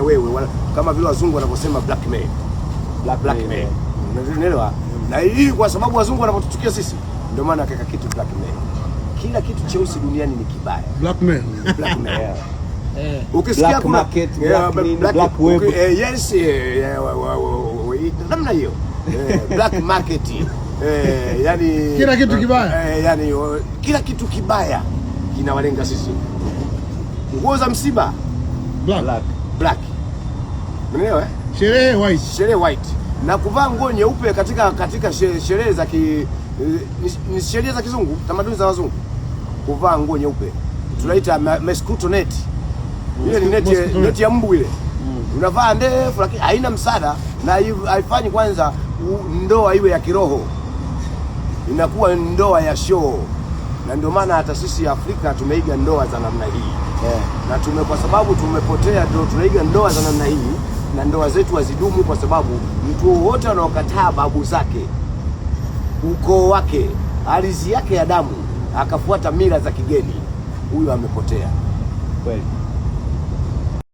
wanakufanya wewe wala, kama vile wazungu wanavyosema blackmail, blackmail unaelewa? Na hii kwa sababu wazungu wanavyotuchukia sisi, ndio maana akaweka kitu blackmail. Kila kitu cheusi duniani ni kibaya, blackmail, blackmail Eh. ukisikia kuna yes, namna hiyo eh, black market eh, yani kila kitu kibaya eh, yani kila kitu kibaya kinawalenga sisi. Nguo za msiba black, black black, unaelewa eh? Sherehe white, sherehe white na kuvaa nguo nyeupe katika katika sherehe za ki ni sherehe za kizungu, tamaduni za wazungu kuvaa nguo nyeupe tunaita mosquito net. Ile ni neti, neti ya mbu ile mm. Unavaa ndefu lakini haina msada na haifanyi kwanza ndoa iwe ya kiroho, inakuwa ndoa ya show na ndio maana hata sisi Afrika tumeiga ndoa za namna hii yeah. na tume, kwa sababu tumepotea, ndio tunaiga ndoa za namna hii na ndoa zetu hazidumu, kwa sababu mtu wowote anaokataa babu zake, ukoo wake, ardhi yake ya damu, akafuata mila za kigeni, huyo amepotea kweli.